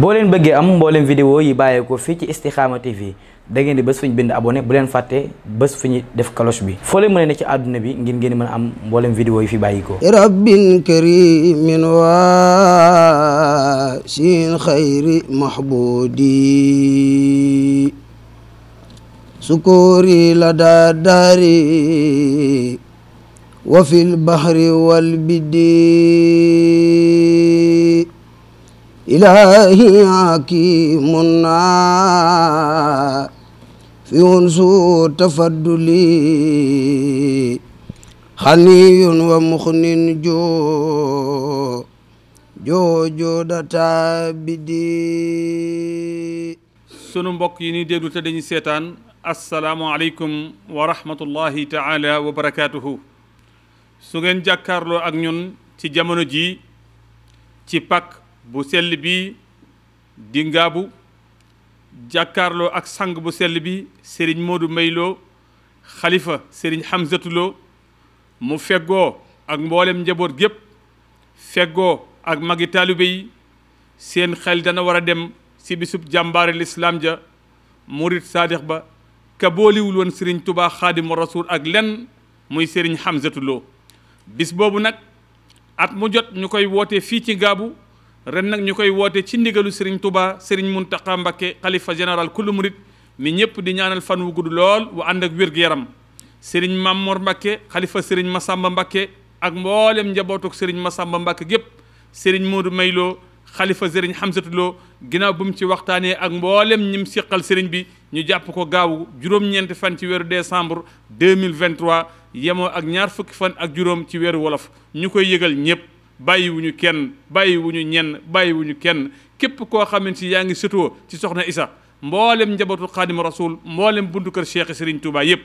boo leen bëggee am mbooleem vidéo yi bàyyeekoo fii ci Istikhama TV da ngeen di bés fu ñu bind abonné bu leen fàtte bés fu def cloche bi foo leen mën a ne ci àdduna bi ngir ngeen mën a am mbooleem vidéo yi fi bàyyikoo rabbil karimin waa sin xayri mahbudi sukuri la daa daari wa fil bahri wal bidi إلهي حكيمنا في عنصر تفضلي خني ومخن جو joo joo data di sunu mbokk yi ñuy déglu te dañuy seetaan asalaamualeykum wa rahmatullahi taala wa barakaatuhu su ngeen jàkkaarloo ak ñun ci jamono ji ci pak bu sell bi di ngaabu jàkkaarloo ak sang bu sell bi sëriñ Modou Mayloo xalifa sëriñ Hamzatuloo mu feggoo ak mboolem njaboot gépp feggoo ak magi taalibe yi seen xel dana war a dem si bisub jàmbaari lislaam ja murit saadix ba ka booliwul woon sëriñ tubaa xaadimu rasuul ak lenn muy sëriñ Hamzatuloo bis boobu nag at mu jot ñu koy woote fii ci ngaabu ren nag ñu koy woote ci ndigalu Serigne Touba Serigne Mountakha Mbacké xalifa général kullu murit mi ñëpp di ñaanal fan wu gudd lool wu ànd ak wér yaram Serigne Mamor Mbacké xalifa Serigne Massamba Mbacké ak mboolem njabootuk Serigne Massamba Mbacké gépp Serigne Modou Mayloo xalifa Serigne Hamsatou Lo ginnaaw bu mu ci waxtaanee ak mboolem ñim siqal Serigne bi ñu jàpp ko gaawu juróom-ñeenti fan ci weeru décembre 2023 yemoo ak ñaar fukki fan ak juróom ci weeru wolof ñu koy yëgal ñëpp bàyyiwuñu kenn bàyyiwuñu ñenn bàyyiwuñu kenn képp koo xamante si yaa ngi sëtoo ci soxna isa mboolem njabootu xaadimu rasul mboolem buntu kër cheikh Serigne Touba yëpp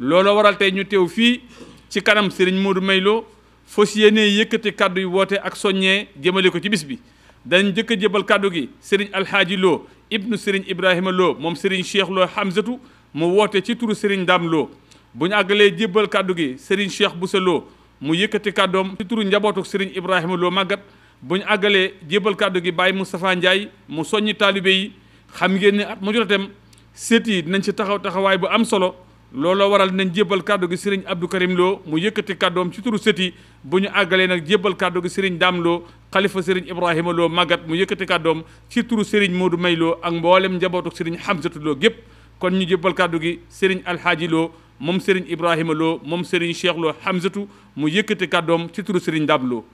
looloo waral tey ñu teew fii ci kanam Serigne Modou Mayloo fas yéene yëkkati kàddu yi woote ak soññee jëmale ko ci bis bi dañ jëkk jëbal kàddu gi Serigne Alhaaji Loo ibnu Serigne Ibrahima Loo moom Serigne Cheikh Loo Hamzatu mu woote ci turu Serigne Dam Loo bu ñu àggalee jébbal kàddu gi Serigne Cheikh Boussa Loo mu yëkkati kàddoom ci turu njabootu Serigne Ibrahima Lo màggat bu ñu àggalee jébal kàddu gi Baye Moustapha Ndiaye mu soññi taalibe yi xam ngeen ne at mu jotatem seet yi dinañ taxaw taxawaay bu am solo looloo waral dinañ jébal kàddu gi Serigne Abdou Karim Lo mu yëkkati kàddoom ci turu seet yi ñu àggalee nag jébal kàddu gi Serigne Dame Lo xalifa Serigne Ibrahima Lo màggat mu yëkkati kàddoom ci turu Serigne Modou May Lo ak mboolem njabootu Serigne Hamzatou Lo gépp kon ñu jébal kàddu gi Serigne Alhaaji Lo moom Serigne Ibrahima loo moom Serigne Cheikh Lo Hamzatu mu yëkkati kàddoom ci turu Serigne Dab Lo.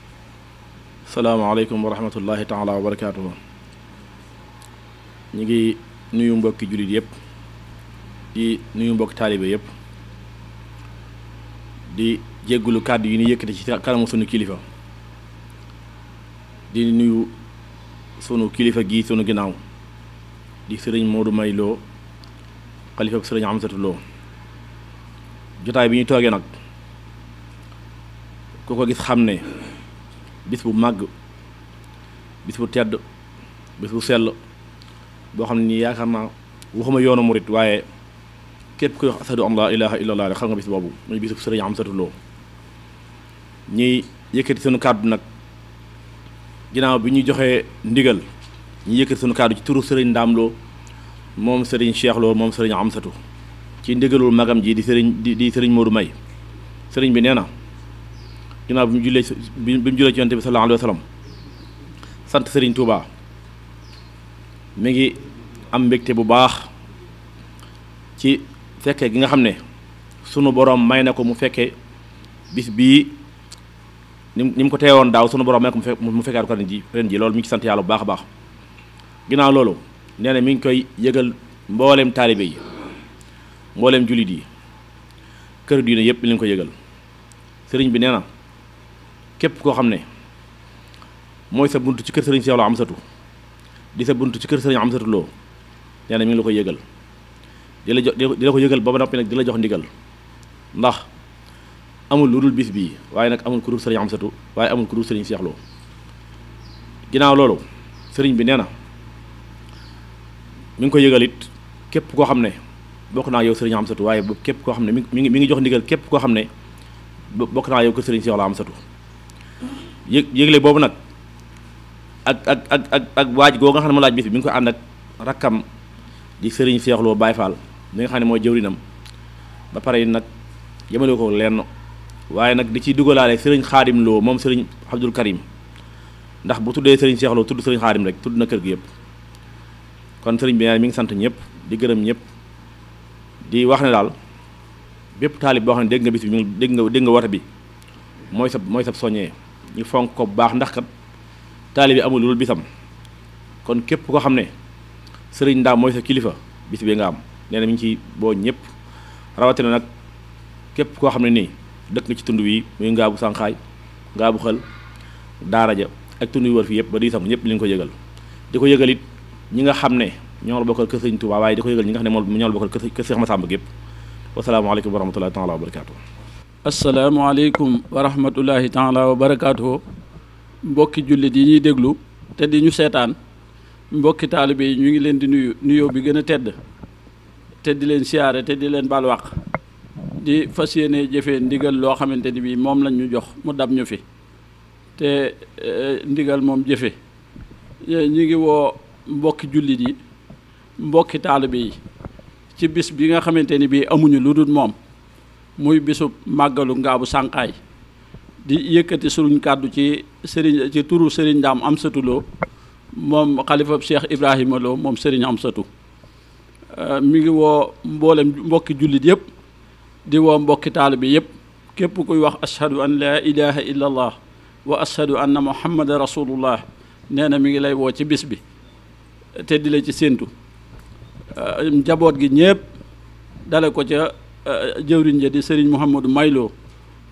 salaamaaleykum wa rahmatullahi taala wa barakaatuhu. ñu ngi nuyu mbokki jullit yëpp di nuyu mbokki taalibe yëpp di jéggulu kàddu yi ñu yëkkati ci kanamu sunu kilifa di nuyu sunu kilifa gi sunu ginnaaw di sëriñ Modou May Lo xalifa sëriñ Hamzatu Lo. jotaay bi ñuy toogee nag koo ko gis xam ne bis bu màgg bis bu tedd bis bu sell boo xam ne nii yaakaar naa waxuma yoonu murit waaye képp kuy wax asadu an laa ilaha illa allah xam nga bis boobu muy bisub sëriñ Amsatu Lo ñuy yëkkati sunu kàddu nag ginnaaw bi ñuy joxee ndigal ñu yëkkati sunu kàddu ci turu sëriñ ndaamloo moom sëriñ Cheikh Lo moom sëriñ Amsatu ci ndigalul magam ji di sëriñ di di sëriñ Modou May sëriñ bi nee na ginnaaw bi mu jullee bi mu jullee ci yonte bi sallallahu alayhi wa sant sëriñ Touba mi ngi am mbégte bu baax ci fekkee gi nga xam ne sunu borom may na ko mu fekkee bis bii ni mu ni mu ko teewoon daaw sunu borom may ko mu fekkaat ko ren ji ren ji loolu mi ngi ci sant yàlla bu baax a baax ginnaaw loolu nee na mi ngi koy yëgal mbooleem taalibe yi mbooleem jullit yi kër diine yëpp leen ko yëgal sëriñ bi nee na képp koo xam ne mooy sa bunt ci kër sëriñ Cheikh Lo Amsatou di sa bunt ci kër sëriñ Amsatou Lo nee na mi ngi la ko yëgal di la jox di la ko yëgal ba ba noppi nag di la jox ndigal ndax amul lu dul bis bii waaye nag amul ku dul sëriñ Amsatou waaye amul ku dul sëriñ Cheikh Lo ginnaaw loolu sëriñ bi nee na mi ngi ko yëgal képp koo xam ne. bokk naa yow sëriñ Amsatu waaye bu képp ko xam ne mi ngi mi ngi jox ndigal képp koo xam ne bokk naa ko sëriñ Cheikh Amsatu yëg yëgle boobu nag ak ak ak ak waaj goo nga xam ne ma laaj bis bi mi ngi ko ànd ak rakkam di sëriñ Cheikh Lo Baye Fall mi xam ne mooy jëwrinam ba pare nag yëmale ko lenn waaye nag di ciy dugalaale sëriñ Xaadim Lo moom sëriñ Abdul Karim ndax bu tuddee sëriñ Cheikh Lo tudd sëriñ Xaadim rek tudd na kër gi yëpp kon sëriñ bi mi ngi sant ñëpp di gërëm ñëpp. di wax ne daal bépp taalib boo xam ne dégg nga bis bi ñu dégg nga dégg nga woote bi mooy sa mooy sa soññee ñu fonk ko bu baax ndax kat taalib yi amul lu dul bisam kon képp koo xam ne sëriñ ndaa mooy sa kilifa bis bi nga am nee na ci boo ñëpp rawatina nag képp koo xam ne nii dëkk nga ci tund wi muy ngaabu sànqaay ngaabu xel daara ja ak tund yu wër fii yëpp ba di sam ñëpp li nga ko yëgal di ko yëgal ñi nga xam ne ñoo la bokkal kër sëñ Tuubaa waaye di ko yëgal ñi nga xam ne moom ñoo la bokkal kër Seex Masàmba gépp wasalaamaaleykum wa rahmatulahi taala wa barakaatu asalaamaaleykum wa rahmatulahi taala wa barakaatu mbokki jullit yi ñuy déglu te di ñu seetaan mbokki taalibe yi ñu ngi leen di nuyu nuyoo bi gën a tedd te di leen siyaare te di leen baal wàq di fas yéene jëfee ndigal loo xamante ni bii moom lañ ñu jox mu dab ñu fi te eh, ndigal moom jëfe ñu ngi woo mbokki jullit yi mbokki bi yi ci bis bi nga xamante ni bii amuñu lu dul moom muy bisub màggalu ngaabu sànqaay di yëkkati suñu kàddu ci sëriñ ci turu sëriñ Ndaam Amsatu Lo moom xalifab Cheikh Ibrahima moom sëriñ Amsatu euh, mi ngi woo mboolem mbokki jullit yëpp di woo mbokki bi yëpp képp kuy wax ashhadu an laa ilaha illa allah wa ashhadu anna muhammadan rasulullah nee na mi ngi lay woo ci bis bi te di la ci séentu Euh, njaboot gi ñëpp dale ko ca euh, jëwriñ ja di Serigne Mouhamadou mayloo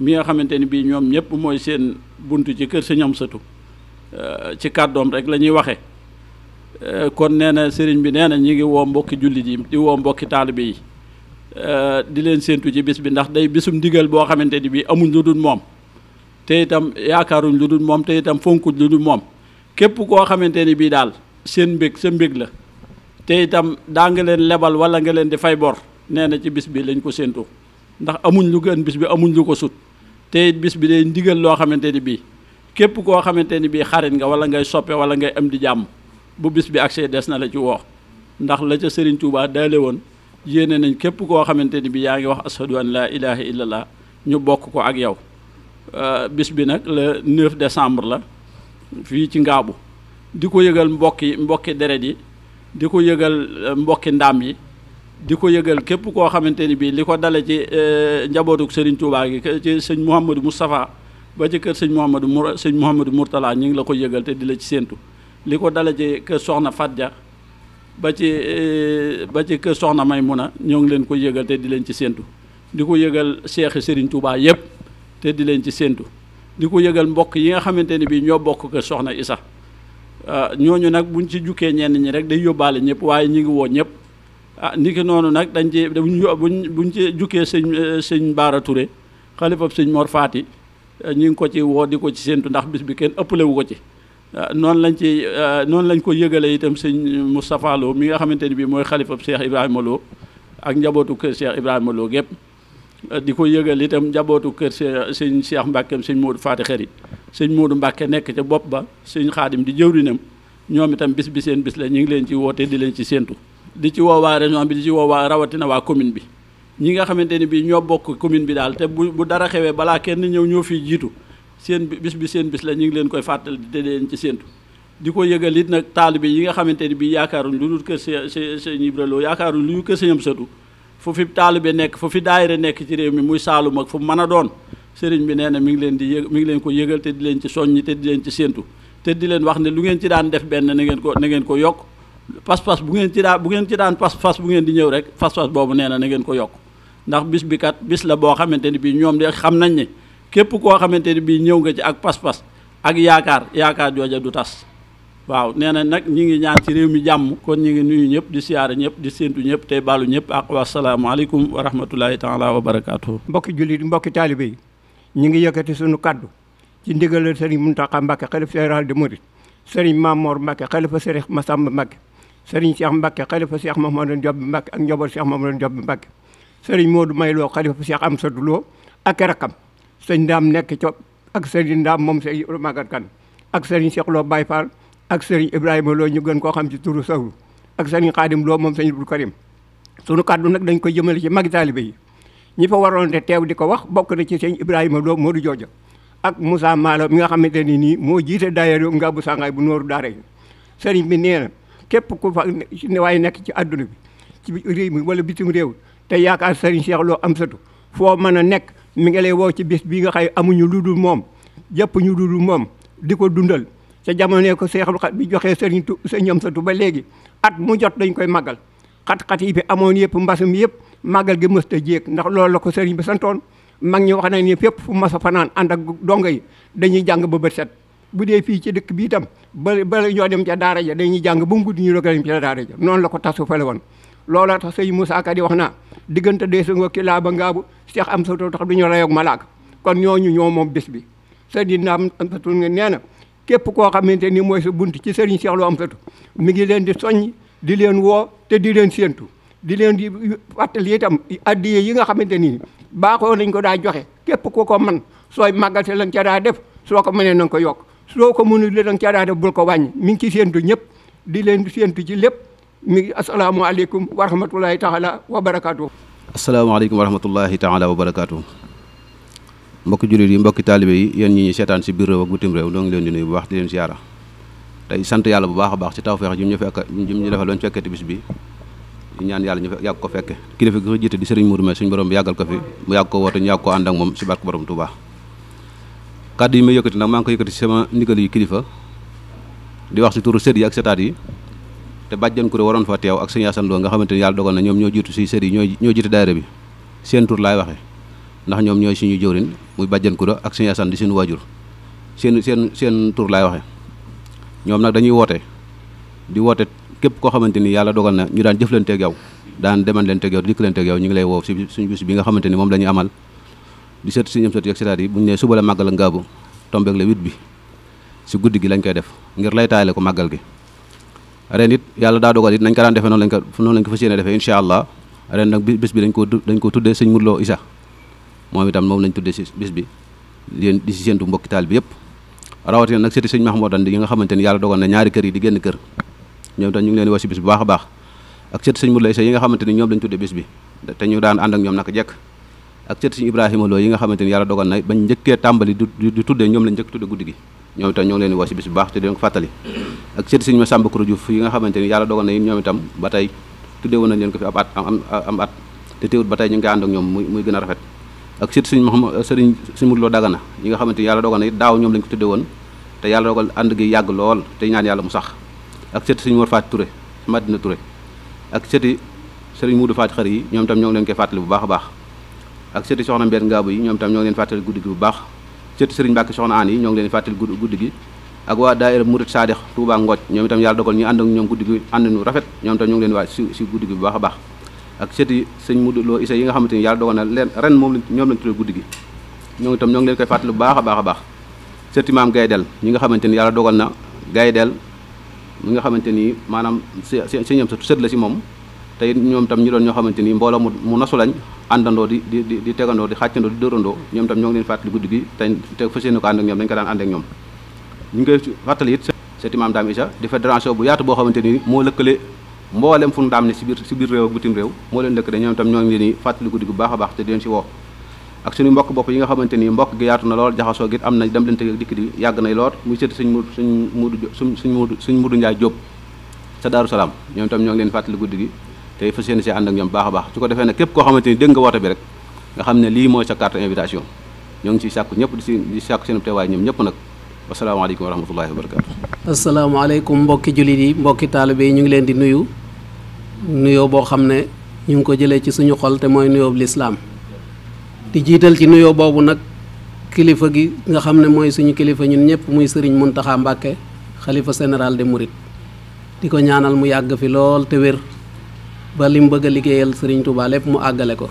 mi nga xamante ni bii ñoom ñëpp mooy seen buntu ci kër Sëñ Amsatu euh, ci kàddoom rek la ñuy waxe kon nee na sëriñ bi nee na ñi ngi woo mbokki jullit yi di woo mbokki taalibe yi di leen séentu ci bis bi ndax day bisum ndigal boo xamante ni bii amuñ lu dul moom te itam yaakaaruñ lu dul moom te itam fonkuñ lu dul moom képp koo xamante ni bii daal seen mbég sa mbég la te itam daa nga leen lebal wala nga leen di fay bor nee na ci bis bi lañ ko séentu ndax amuñ lu gën bis bi amuñ lu ko sut te it bis bi day ndigal loo xamante ni bii képp koo xamante ni bii xarit nga wala ngay soppe wala ngay am di jàmm bu bis bi agsee des na la ci woo ndax la ca Serigne tuubaa daale woon yéene nañ képp koo xamante ni bii yaa ngi wax ashadu an laa ilaha illallah ñu bokk ko ak yow euh, bis bi nag le 9 décembre la fii ci Ngaabu di ko yëgal mbokki mbokki deret yi di ko yëgal euh, mbokki ndaam yi di ko yëgal képp koo xamante ni bii li ko dale ci euh, njabootuk sëriñ Touba gi ci sëñ Mouhamadou Moustapha ba ci kër sëñ Mouhamadou Mour sëñ Mouhamadou Mourtala ñu ngi la ko yëgal te di la ci séentu li ko dale ci kër Soxna Fadja ba ci euh, ba ci kër Soxna Maymuna ñoo ngi leen ko yëgal di leen ci séentu di ko yëgal seexi sëriñ Touba yëpp te di leen ci séentu di ko yëgal mbokk yi nga xamante ni bii ñoo bokk kër Soxna Isa Ah, ñooñu nag buñ ci jukkee ñenn ñi rek day yóbbaale ñëpp waaye ñu ngi woo ñëpp ah niki noonu nag dañ ci buñ buñ ci jukkee sëñ eh, sëñ Baara Touré xalifab sëñ Mor Faati eh, ñu ngi ko ci woo di ko ci séentu ndax bis bi kenn ëppalewu ko ci ah, noonu lañ ci eh, noonu lañ ko yëgalee itam sëñ Moustapha Lo mi nga xamante ni bii mooy xalifab Cheikh Ibrahima Lo ak njabootu kër Cheikh Ibrahima Lo gépp di ko yëgal itam njabootu kër sëñ Cheikh Mbackeem sëñ moodu Faati Xarit sëñ Modou mbakke nekk ca bopp ba sëñ Xaadim di jëwrinam ñoom itam bis bi seen bis la ñu ngi leen ci woote di leen ci séentu ci woo waa région bi di ci woo waa rawatina waa commune bi ñi nga xamante ni bii ñoo bokk commune bi daal te bu bu dara xewee balaa kenn ñëw ñoo fii jiitu seen bis bi seen bis la ñu ngi leen koy fàttali te di leen ci séentu di ko yëgal it nag taalibe yi nga xamante ni bii yaakaaruñ lu dul kër sëñ Ibra Lo yaakaaruñ lu dul kër sëñam sëtu fu fi taalibe nekk fu fi daayira nekk ci réew mi muy saalum ak fu mën a doon sëriñ bi nee na mi ngi leen di yëg mi ngi leen ko yëgal te di leen ci soññi te di leen ci séentu te di leen wax ne lu ngeen ci daan def benn na ngeen ko ngeen ko yokk pas-pas bu ngeen ci daan bu ngeen ci daan pas-pas bu ngeen di ñëw rek pas-pas boobu nee na na ngeen ko yokk ndax bis bi kat bis la boo xamante ni bii ñoom de xam nañ ne képp koo xamante ni bii ñëw nga ci ak pas-pas ak yaakaar yaakaar jooja du tas waaw nee na nag ñi ngi ñaan ci réew mi jàmm kon ñi ngi nuyu ñëpp di siyaara ñëpp di séentu ñëpp tey baalu ñëpp ak wasalaamaaleykum wa rahmatulahi taala wa barakaatu. mbokki jullit mbokki taalibe yi ñu ngi yëkkati sunu kaddu ci ndigalal sëriñ Muntaxa Mbàkke xalifa général de Mouride sëriñ Mamor Mbàkke xalifa sëriñ Masamba Mbàkke sëriñ Cheikh Mbàkke xalifa Cheikh Mamadou Job Mbàkke ak njaboot Cheikh Mamadou Job Mbàkke sëriñ Modou Mayloo xalifa Cheikh Amsadou Lo ak rakam sëñ Ndaam nekk co ak sëriñ Ndaam moom sëriñ Magat Kan ak sëriñ Cheikh Lo ak sëriñ Ibrahima loo ñu gën koo xam ci turu sawru ak sëriñ Xaadim Lo moom sëriñ Abdou Karim sunu kàddu nag dañ koy jëmale ci magi taalibe yi ñi fa waroon te teew di ko wax bokk na ci sëriñ Ibrahima Lo Modou Jooja ak Moussa Malo mi nga xamante ne nii moo jiite daayira nga bu sangaay bu nooru daara yi sëriñ bi nee képp ku fa waaye nekk ci àdduna bi ci réew mi wala bitim réew te yaakaar sëriñ Cheikh loo am satu foo mën a nekk mi ngi lay woo ci bis bi nga xay amuñu lu dul moom jëpp ñu dul moom di ko dundal ca jamono ko seex Xadiim bi joxee sëriñ tu sëñ sa satu ba léegi at mu jot dañ koy màggal xat-xat yi fi amoon yëpp mbasum yëpp màggal gi mës ta jéeg ndax loolu la ko sëriñ bi santoon mag ñi wax nañ ne fépp fu mas a fanaan ànd ak dongo yi dañuy jàng ba bët set bu dee fii ci dëkk bii itam ba ba ñoo dem ca daara ja dañuy jàng bu mu guddi ñu dogal dem ca daara ja noonu la ko tasu fale woon loola tax sëñ Moussa Ka di wax naa diggante deesunga ki laa ba ngaa Seex am satu tax du ñu rayoog malaak kon ñooñu ñoo moom bés bi sëriñ naam am satu nga nee na képp koo xamante ni mooy sa bunt ci Serigne Cheikh Lo Amsatou mi ngi leen di soññ di leen woo te di leen séentu di leen di fàttali itam addiye yi nga xamante ni baaxoo nañ ko daa joxe képp ku ko man sooy màggal te lañ ca def soo ko mënee na nga ko yokk soo ko mënul la nga def bul ko wàññi mi ngi ci séentu ñëpp di leen séentu ci lépp mi ngi asalaamaaleykum wa rahmatulahi taala wa barakaatu. asalaamaaleykum wa rahmatulahi taala wa barakaatu. mbokki jullit yi mbokki taalibe yi yéen ñi ñuy seetaan si biir réew ak bitim réew ñoo leen di nuyu bu baax di leen sant yàlla bu baax a baax si taw ji ñu fekk ji ñu defal ñu fekkati bis bi ñaan yàlla ñu yàgg ko fekke kilifa gi ko jiite di sëriñ Mourou Mbaye suñu borom bi yàggal ko fi mu yàgg ko woote ñu yàgg ko ànd ak moom si barke borom Tuubaa kàddu yi may yëkkati nag maa ngi ko yëkkati si sama ndigal yi kilifa di wax si turu sët yi ak setaat yi te bàjjan kuré waroon fa teew ak ñoo jiitu si sët yi ñoo ñoo ndax ñoom ñooy suñu jëwrin muy bàjjan kura ak suñu asan di seen waajur seen seen seen tur laay waxe ñoom nag dañuy woote di woote képp koo xamante ni yàlla dogal na ñu daan jëflanteeg yow daan deman leen teeg yow di dikkalanteeg yow ñu ngi lay woo si suñu bis bi nga xamante ni moom la ñuy amal di seet si ñoom seet yeeg setaat yi bu ñu ne suba la màggal ngaabu tombeeg le huit bi si guddi gi lañ koy def ngir lay taayale ko màggal gi ren it yàlla daa dogal it nañ ko daan defee noonu lañ ko noonu lañ dañ koo dañ koo tuddee sëñ Murlo Isa moom itam moom lañ tuddee si bis bi leen di si séentu mbokki taal bi yëpp rawatina nag sëti sëñ Mahmoudan yi nga xamante ni yàlla dogal na ñaari kër yi di génn kër ñu ngi a baax ak sëti sëñ yi nga xamante ni ñoom lañ tuddee bis bi te ñu daan ànd ak ñoom naka jekk ak nga xamante ni yàlla dogal na bañ njëkkee tàmbali di tuddee ñoom lañ njëkk tuddee guddi gi ñoom itam ñoo ngi leen di woo si bis bu baax te di leen ko fàttali ak sëti sëñ Masamba Kuro Diouf yi nga xamante ni yàlla dogal na ñoom itam ba tey tuddee woon nañ leen ko fi am at te teewut ba tey ñu ngi ànd ak ñoom muy muy gën a rafet ak surtout sëriñ Mouhamed sëriñ sëriñ Modou Lo Dagana ñi nga xamante yàlla dogal na it daaw ñoom lañ ko tudde woon te yàlla dogal ànd gi yàgg lool te yàlla mu sax ak surtout sëriñ Mor Faat Touré Madina Touré ak surtout sëriñ Modou Faat Xari yi ñoom tam ñoo ngi leen fàttali bu baax baax ak surtout soxna Mbène Ngaabu yi ñoom tam ñoo ngi leen fàttali guddi gi bu baax surtout sëriñ Mbàkke soxna Aan yi ñoo ngi leen fàttali guddi gi ak waa daayira Murid Saadix Touba Ngooj ñoom itam yàlla dogal ñu ànd ñoom guddi gi ànd ñu rafet ñoom tam ñoo leen waa si si guddi gi bu baax a baax ak sëti sëñ Modou Lo Issa yi nga xamante ni yàlla dogal na leen ren moom ñoom ñoo ngi itam ñoo ngi leen koy fàttali bu baax a baax a baax sëti ñi nga xamante ni yàlla dogal na gay del mi nga xamante ni maanaam sëñam sa moom te ñoom tam ñu doon ñoo xamante ni mbooloo mu nasu lañ àndandoo di di di di tegandoo di di dóorandoo ñoom tam ñoo ngi leen fàttali guddi gi te te fas ko daan ànd ak ñoom ñu ngi koy it sëti maam daam Issa di fédération bu yaatu boo xamante ni moo lëkkale mboolem fu ndaam ne si biir si biir réew ak bitim réew moo leen lëkk de ñoom itam ñoo ngi leen di fàttaliku di baax a baax te di leen woo ak suñu mbokk bopp yi nga xamante ni mbokk gi yaatu na lool jaxasoo gi am dem leen tëgg dikk di yàgg nay lool muy suñ mu suñ mudu suñ suñ sa daaru salaam ñoom itam ñoo ngi leen fàttaliku di gi te fas yéene si ànd ak ñoom baax a ko defee nag képp koo xamante ni dégg nga woote bi rek nga ne lii mooy sa ñoo ngi ciy sàkku ñëpp di si di sàkku seen teewaay ñoom ñëpp nag wasalaamaaleykum wa rahmatullahi wa barakatu asalaamaaleykum mbokki jullit yi mbokki taalibe yi ñu ngi leen di nuyu nuyo boo xam ne ñu ngi ko jëlee ci suñu xol te mooy nuyoo lislaam di jiital ci nuyoo boobu nag kilifa gi nga xam ne mooy suñu kilifa ñun ñëpp muy sëriñ Muntaxa Mbàkke xalifa général de Mouride di ko ñaanal mu yàgg fi lool te wér ba li mu bëgg a liggéeyal sëriñ Touba lépp mu àggale ko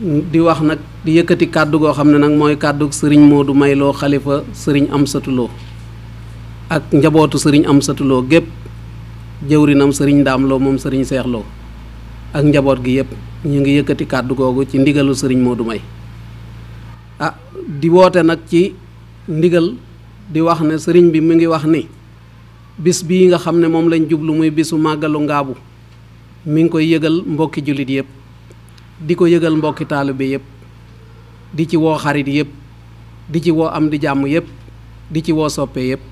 di wax nag di yëkkati kàddu goo xam ne nag mooy kàddu sëriñ du Mayloo xalifa sëriñ am Lo ak njabootu sëriñ am Lo gépp jëwrinam sëriñ Ndaam Lo moom sëriñ Seex ak njaboot gi yëpp ñu ngi yëkkati kàddu googu ci ndigalu sëriñ Modou May ah di woote nag ci ndigal di wax ne sëriñ bi mu ngi wax ni bis bii nga xam ne moom lañ jublu muy bisu màggalu ngaabu mi ngi koy yëgal mbokki jullit yëpp di ko yëgal mbokki taalibe yëpp di ci woo xarit yëpp di ci woo am di jàmm yëpp di ci woo soppe yëpp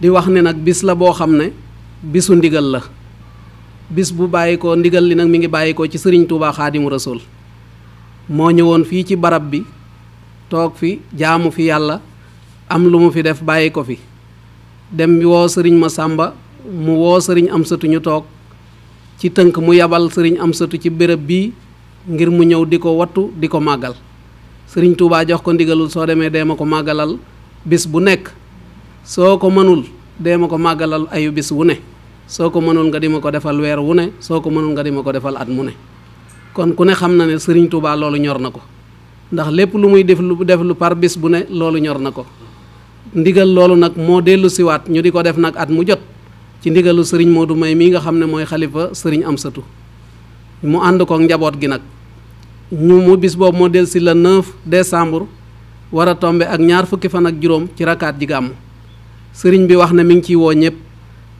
di wax ne nag bis la boo xam ne bisu ndigal la bis bu bàyyi ko ndigal li nag mi ngi bàyyi ko ci sëriñ Tuubaa xaadimu rasul moo ñëwoon fii ci barab bi toog fi jaamu fi yàlla am lu mu fi def bàyyi ko fi dem woo sëriñ ma sàmba mu woo sëriñ Amsatu ñu toog ci tënk mu yebal sëriñ Amsatu ci béréb bi ngir mu ñëw di ko wattu di ko màggal sëriñ Tuubaa jox ko ndigalul soo demee dee ma ko màggalal bis bu nekk soo ko mënul dee ma ko màggalal ayu bis wu ne soo ko mënul nga di ma ko defal weer wu ne soo ko mënul nga di ma ko defal at mu ne kon ku ne xam na ne sëriñ Tuubaa loolu ñor na ko ndax lépp lu muy def lu def lu par bis bu ne loolu ñor na ko ndigal loolu nag moo dellu siwaat ñu di ko def nag at mu jot ci ndigalu sëriñ du May mii nga xam ne mooy xalifa sëriñ Amsatu mu ànd kook njaboot gi nag ñu mu bis boobu moo dellu si le 9 décembre war a tombe ak ñaar fukki fan ak juróom ci rakaat ji gàmmu sëriñ bi wax ne mi ngi ciy woo ñëpp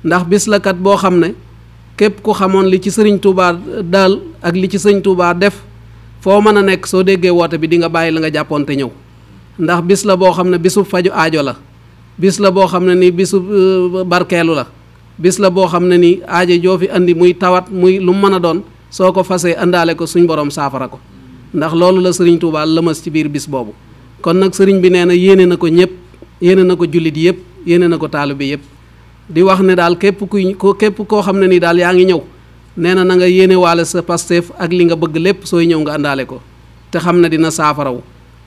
ndax bis la kat boo xam ne képp ku xamoon li ci sëriñ Touba daal ak li ci sëriñ Touba def foo mën a nekk soo déggee woote bi di nga bàyyi la nga jàppoonte ñëw ndax bis la boo xam ne bisub faju aajo la bis la boo xam ne ni bisub euh, barkeelu la bis la boo xam ne ni aajo joo fi indi muy tawat muy lu mën a doon soo ko fasee indaale ko suñ borom saafara ko ndax loolu la sëriñ Touba lëmas ci biir bis boobu kon nag sëriñ bi nee na yéene ko ñëpp yéene na ko jullit yëpp. yéene na ko bi yëpp di wax ne daal képp kuy ko képp koo xam ne ni daal yaa ngi ñëw nee na na nga yéene waale sa pasteef ak li nga bëgg lépp sooy ñëw nga àndaale ko te xam ne dina saafarawu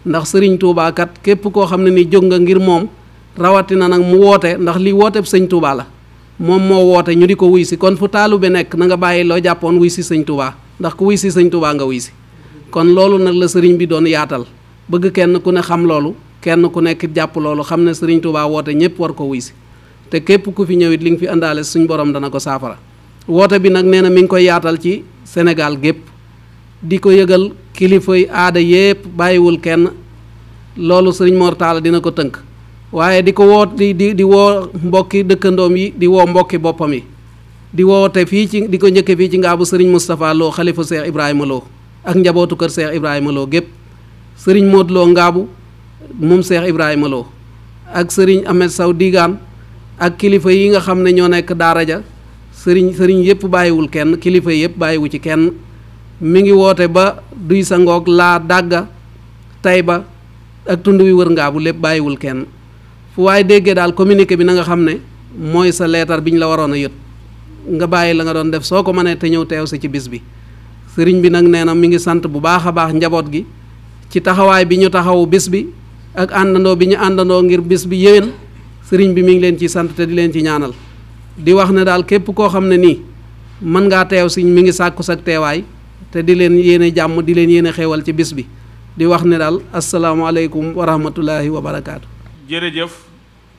ndax sëriñ tuubaakat képp koo xam ne ni jóg nga ngir moom rawatina nag mu woote ndax li wooteb sëñ Touba la moom moo woote ñu di ko wuy si kon fu taalu taalibe nekk na nga bàyyi loo jàppoon wuy si sëñ Touba ndax ku wuy si sëñ Touba nga wuy si kon loolu nag la sëriñ bi doon yaatal bëgg kenn ku ne xam loolu kenn ku nekk jàpp loolu xam ne sëriñ Tuubaa woote ñëpp war ko wuy si te képp ku fi ñëwit li nga fi àndaale suñu borom dana ko saafara woote bi nag nee na mi ngi koy yaatal ci Sénégal gépp di ko yëgal kilifay aada yépp bàyyiwul kenn loolu sëriñ Mor dina ko tënk waaye di ko woo di di woo mbokki dëkkandoom yi di woo mbokki boppam yi di woote fii ci di ko njëkke fii ci ngaabu sëriñ Moustapha Lo xalifa Cheikh Ibrahima Lo ak njabootu kër Cheikh Ibrahima Lo gépp ngaabu moom Seex Ibrahima Lo ak sëriñ Ahmed Saw diigaan ak kilifa yi nga xam ne ñoo nekk daara ja sëriñ sëriñ yëpp bàyyiwul kenn kilifa yëpp bàyyiwu ci kenn mi ngi woote ba duy sa ngoog laa dàgga Tayba ak tund wi wër ngaa lépp bàyyiwul kenn fu waaye déggee daal communiqué bi na nga xam ne mooy sa leetar bi ñu la waroon a yët nga bàyyi la nga doon def soo ko mënee te ñëw teew si ci bis bi sëriñ bi nag nee na mi ngi sant bu baax a baax njaboot gi ci taxawaay ak àndandoo bi ñu àndandoo ngir bis bi yéwén sëriñ bi mu ngi leen ci sant te di leen ci ñaanal di wax ne daal képp koo xam ne nii mën ngaa teew si mi ngi sàkku sak teewaay te di leen yéene jàmm di leen yéene xéewal ci bis bi di wax ne daal asalaamaaleykum wa rahmatullahi wa barakaatu. jërëjëf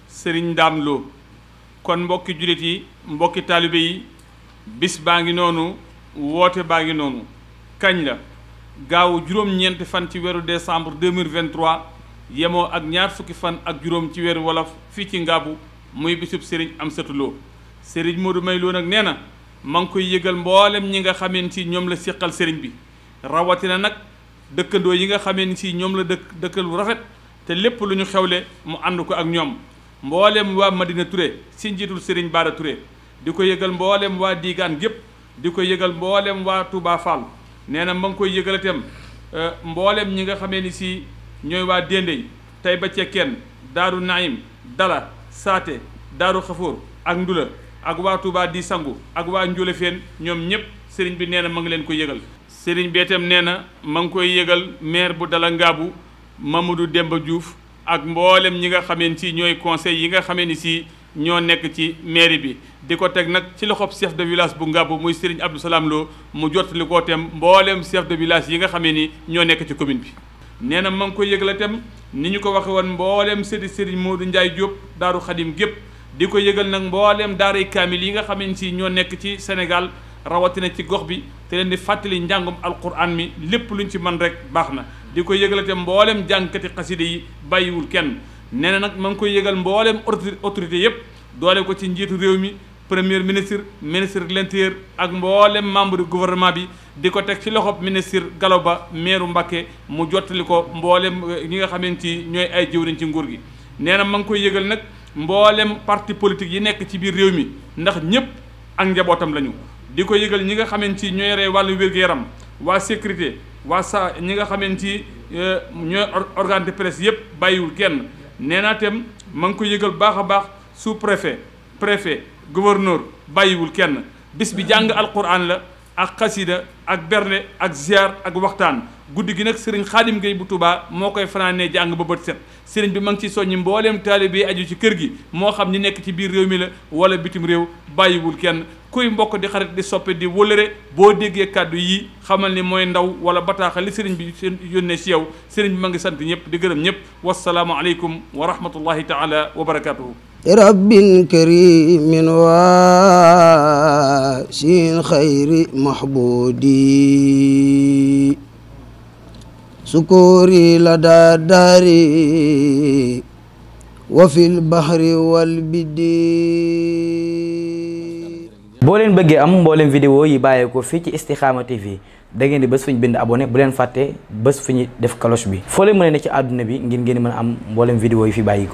sëriñ Dame Lo kon mbokki jullit yi mbokki taalibe yi bis baa ngi noonu woote baa ngi noonu kañ la gaaw juróom-ñeenti fan ci weeru décembre deux mille vingt-trois yemoo ak ñaar fukki fan ak juróom ci weeru wolof fii ci ngaabu muy bisub sëriñ Amsatu Lo sëriñ Modou May Lo nag nee na ma ngi koy yëgal mbooleem ñi nga xameen si ñoom la séqal sëriñ bi rawatina nag dëkkandoo yi nga xameen si ñoom la dëkk dëkkal lu rafet te lépp lu ñu xewle mu ànd ko ak ñoom mboolem waa Madina ture si njiitul sëriñ Baara ture di ko yëgal mbooleem waa Diigaan gépp di ko yëgal mboolem waa Touba Fall nee na ma ngi koy yëgal itam euh, mboolem ñi nga xame ni si ñooy waa Dendey tey ba cekkeen daaru naim dala saate daaru xafoor ak ndula ak waa Touba di sangu ak waa njulefeen ñoom ñëpp sëriñ bi nee na ma ngi leen ko yëgal sëriñ bi itam nee na ma ngi koy yëgal maire bu dala ngaabu Mamadou Demba juuf ak mbooleem ñi nga xamee ni si ñooy conseil yi nga xamee ni si ñoo nekk ci mairie bi di ko teg nag ci loxob chef de village bu Ngabou muy Serigne Abdou Salam Lo mu jottali koo tem mboolem chef de village yi nga xamee ni ñoo nekk ci commune bi nee na ma ngi koy yëgale itam ni ñu ko waxe woon mbooleem sëriñ moo Modou Ndiaye Diop daaru xadim gépp di ko yëgal nag mbooleem daaray kaamil yi nga xamante sii ñoo nekk ci Sénégal rawatina ci gox bi te leen di fàttali njàngum alquran mi lépp lu ñu ci man rek baax na di ko yëgale te mbooleem jàngkati xaside yi bàyyiwul kenn nee na nag ma ngi koy yëgal mbooleem autorité yépp doole ko ci njiitu réew mi premier ministre ministre de l'intérieur ak mboolem membre du gouvernement bi di ko teg ci loxob ministre Gallo Ba meeru Mbacké mu jottali ko mboolem eh, ñi nga xamante ci ñooy ay jiwriñ ci nguur gi nee na ma ngi koy yëgal nag mboolem parti politique yi nekk ci biir réew mi ndax ñëpp ak njabootam lañu di ko yëgal ñi nga xamante ci ñooy rey wàllu wér yaram waa sécurité waa sa ñi nga xamante ci eh, ñooy organe de presse yëpp bàyyiwul kenn nee naa ma ngi koy yëgal baax a baax su préfet préfet gouverneur bàyyiwul kenn bis bi jàng alquran la ak xasida ak berne ak ziar ak waxtaan guddi gi nag sëriñ xaadim géey bu tubaa moo koy fanaanee jàng ba bët set sëriñ bi ma ngi ci soññi mbooleem taalibe yi aju ci kër gi moo xam ñi nekk ci biir réew mi la wala bitim réew bàyyiwul kenn kuy mbokk di xarit di soppe di wëlëre boo déggee kàddu yi xamal ni mooy ndaw wala bataaxal li sëriñ bi yónnee ci yow sëriñ bi ma ngi sant ñëpp di gërëm ñëpp wasalaamu aleykum wa rahmatullahi taala wa barakatuhu رب كريم واسع خير محبودي سكوري لدى داري وفي البحر والبدي boo leen bëggee am mbooleem vidéo yi bàyyeekoo fii ci Istikhama TV da ngeen di bés fu ñu bind abonné bu leen fàttee bés fu def cloche bi foo leen mën a ne ci àdduna bi ngir ngeen mën a am mbooleem vidéo yi fi bàyyikoo